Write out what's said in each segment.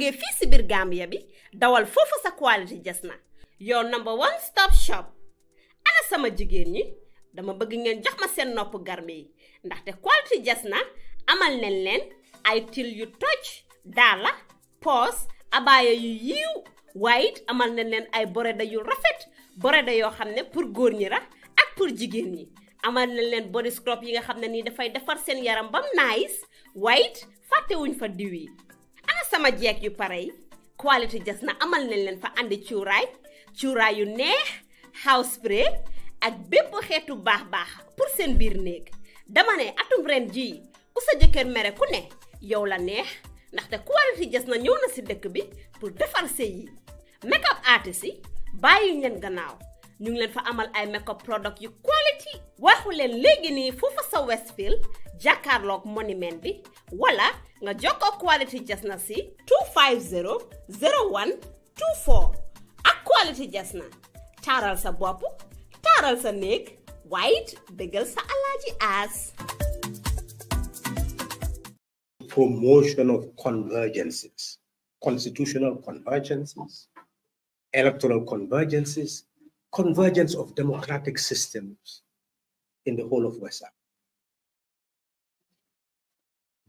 ngee fii si biir Gambia bi dawal foofu sa quality jas na yow number one stop shop ana sama jigéen ñi dama bëgg ngeen jox ma seen nopp garme yi ndaxte quality jas na amal nañ leen ay til yu toj daala poos abaaya yu yiiw waaye amal nañ leen ay boreda yu rafet boreda yoo xam ne pour góor ñi ra ak pour jigéen ñi amal nañ leen body scrub yi nga xam ne nii dafay defar seen yaram bam nice waaye fàttewuñ fa diw yi sama jeeg yu pare yi quality jas na amal nañ leen fa andi cuuraay cuuraay yu neex house spray ak bépp xeetu baax-baax pour seen biir néeg dama ne atum ren jii ku sa jëkkër mere ku ne yow la neex ndaxte quality jas na ñëw na si dëkk bi pour defar sëy yi make up artist yi bàyyi leen gannaaw ñu ngi leen fa amal ay make up product yu quality waxu leen léegi nii foofa sa Westfield jàkkaarloog monument bi wala nga jokkoo quality jasna si 250 01 24 ak quality jasna taaral sa bopp taral sa néeg White it sa alaaji as promotion of convergences constitutional convergences electoral convergences convergence of democratic systems in the whole of West Africa.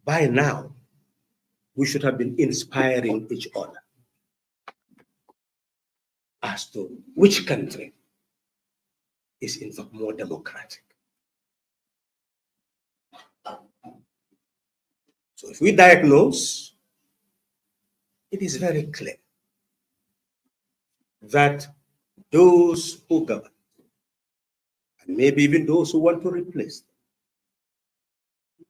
By now, we should have been inspiring each other as to which country is in fact more democratic. So if we diagnose, it is very clear that those who govern, and maybe even those who want to replace them,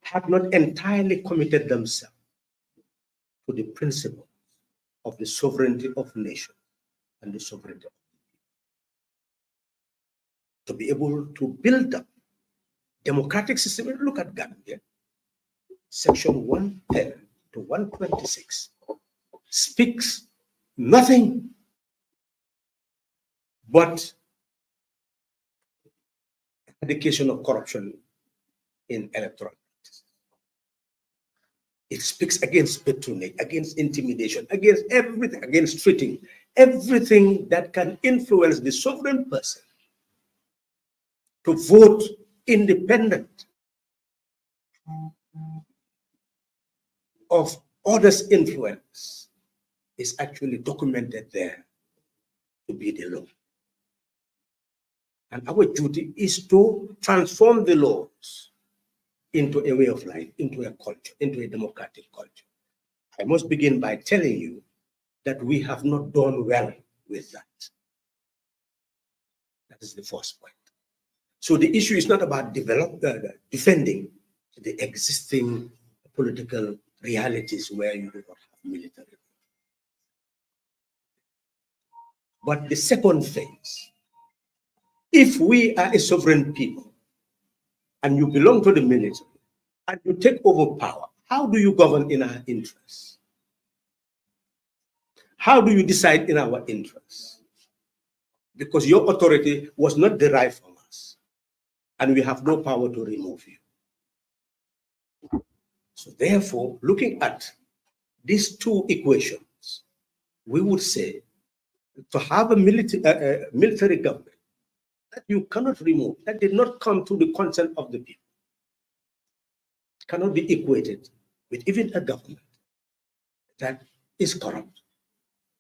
have not entirely committed themselves to the principle of the sovereignty of nation and the sovereignty of people. To be able to build up democratic system, look at Gambia, section 110 to 126 speaks nothing but education of corruption in electoral it speaks against patronage, against intimidation, against everything, against treating, everything that can influence the sovereign person to vote independent of others' influence is actually documented there to be the law. And our duty is to transform the laws into a way of life, into a culture, into a democratic culture. I must begin by telling you that we have not done well with that. That is the first point. So the issue is not about develop, uh, defending the existing political realities where you do not have military. But the second phase, if we are a sovereign people, and you belong to the military and you take over power, how do you govern in our interests? How do you decide in our interests? Because your authority was not derived from us, and we have no power to remove you. So therefore, looking at these two equations, we would say to have a military, uh, uh, military government that you cannot remove, that did not come through the consent of the people, cannot be equated with even a government that is corrupt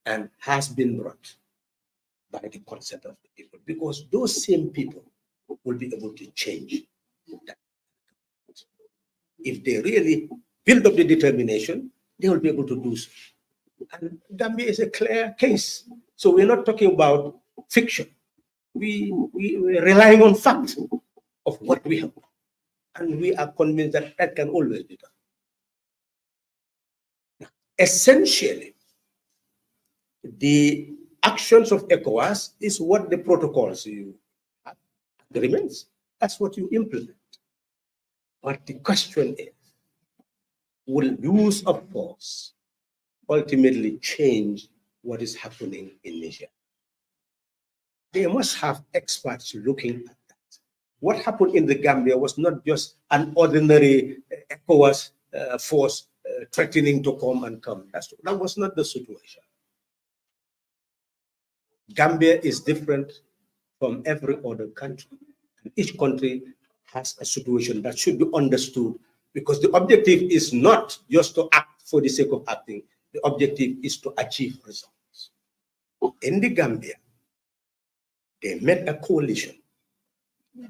and has been brought by the consent of the people, because those same people will be able to change that. If they really build up the determination, they will be able to do so. And Gambia is a clear case. So we're not talking about fiction we, we are relying on facts of what we have. And we are convinced that that can always be done. Now, essentially, the actions of ECOWAS is what the protocols you have, agreements, that's what you implement. But the question is, will use of force ultimately change what is happening in Niger? they must have experts looking at that. What happened in the Gambia was not just an ordinary uh, ECOWAS uh, force uh, threatening to come and come. That's, that was not the situation. Gambia is different from every other country. Each country has a situation that should be understood because the objective is not just to act for the sake of acting. The objective is to achieve results. In the Gambia, they made a coalition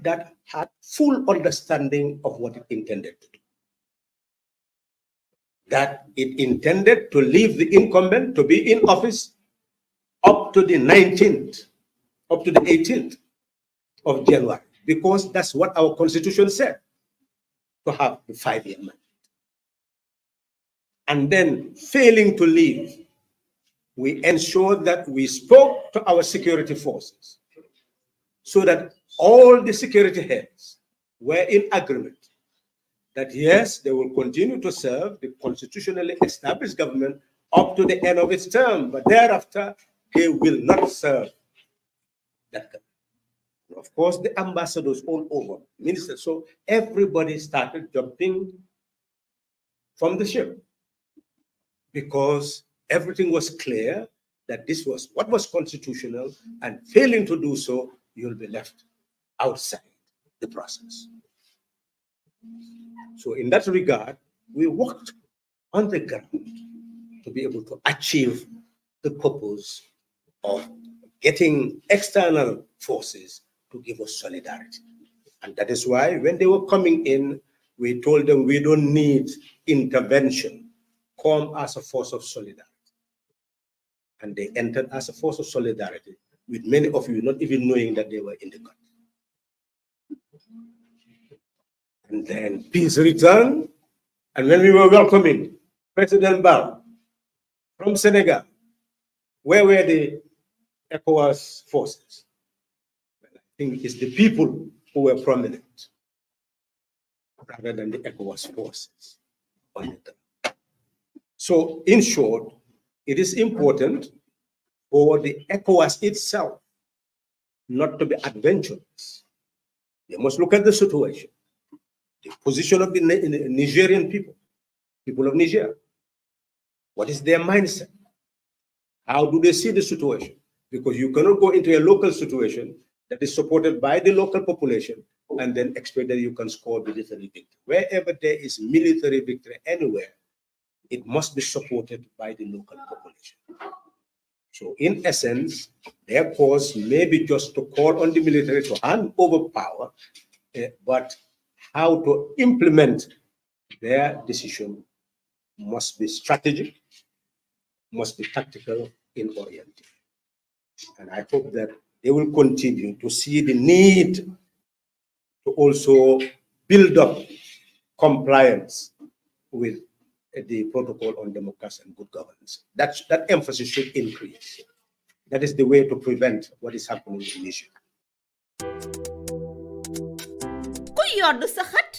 that had full understanding of what it intended to do. That it intended to leave the incumbent to be in office up to the 19th, up to the 18th of January, because that's what our constitution said to have the five year mandate. And then failing to leave, we ensured that we spoke to our security forces so that all the security heads were in agreement that yes, they will continue to serve the constitutionally established government up to the end of its term, but thereafter they will not serve that government. Of course, the ambassadors all over, ministers, so everybody started jumping from the ship because everything was clear that this was what was constitutional and failing to do so you'll be left outside the process. So, in that regard, we worked on the ground to be able to achieve the purpose of getting external forces to give us solidarity. And that is why when they were coming in, we told them we don't need intervention. Come as a force of solidarity. And they entered as a force of solidarity with many of you not even knowing that they were in the cut. And then peace returned. And when we were welcoming President Bal from Senegal, where were the ECOWAS forces? I think it's the people who were prominent rather than the ECOWAS forces. So, in short, it is important or the ECOWAS itself not to be adventurous. They must look at the situation, the position of the Nigerian people, people of Niger. What is their mindset? How do they see the situation? Because you cannot go into a local situation that is supported by the local population and then expect that you can score military victory. Wherever there is military victory anywhere, it must be supported by the local population. So in essence, their cause may be just to call on the military to hand over power, uh, but how to implement their decision must be strategic, must be tactical in orienting. And I hope that they will continue to see the need to also build up compliance with the protocol on democracy and good governance. That, that emphasis should increase. That is the way to prevent what is happening in Asia. ku yoddu sa xët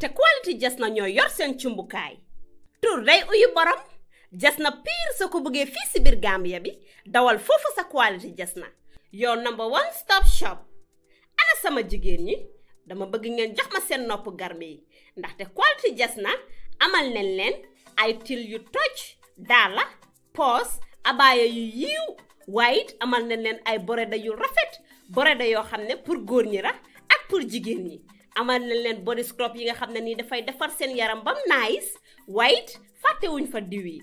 te quality jas na ñoo yor seen cumbukaay tur day uyu borom jas na piir sa ko bëggee fii si biir Gambia bi dawal foofu sa quality jas na your number one stop shop ana sama jigéen ñi dama bëgg ngeen jox ma seen nopp garme yi ndaxte quality jas na amal nañ leen ay til yu toj daala poos abaaya yu yiiw waaye amal nañ leen ay boreda yu rafet boreda yoo xam ne pour góor ñi la ak pour jigéen ñi amal nañ leen body scrub yi nga xam ne nii dafay defar seen yaram bam nice waaye fàttewuñ fa diw yi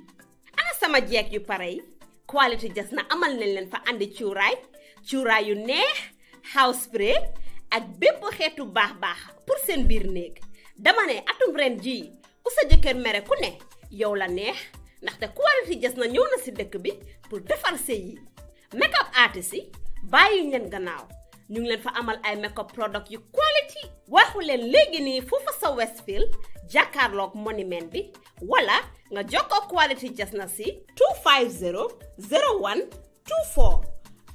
ana sama jeeg yu pare yi quality jas na amal nañ leen fa indi cuuraay cuuraay yu neex house spray ak bépp xeetu baax baax pour seen biir néeg dama ne atum ren jii ku sa jëkkër mere ku ne yow la neex ndaxte ku war a jës na ñëw na si dëkk bi pour defar sëy yi make up yi bàyyi ngeen gannaaw ñu ngi leen fa amal ay make up product yu quality waxu leen léegi nii foofa sa Westfield jàkkaarloog monument bi wala nga jokkoo quality jës na si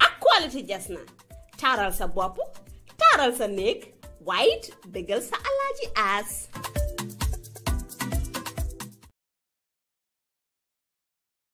ak quality jës na taaral sa bopp taaral sa néeg waaye it bégal sa alaaji aas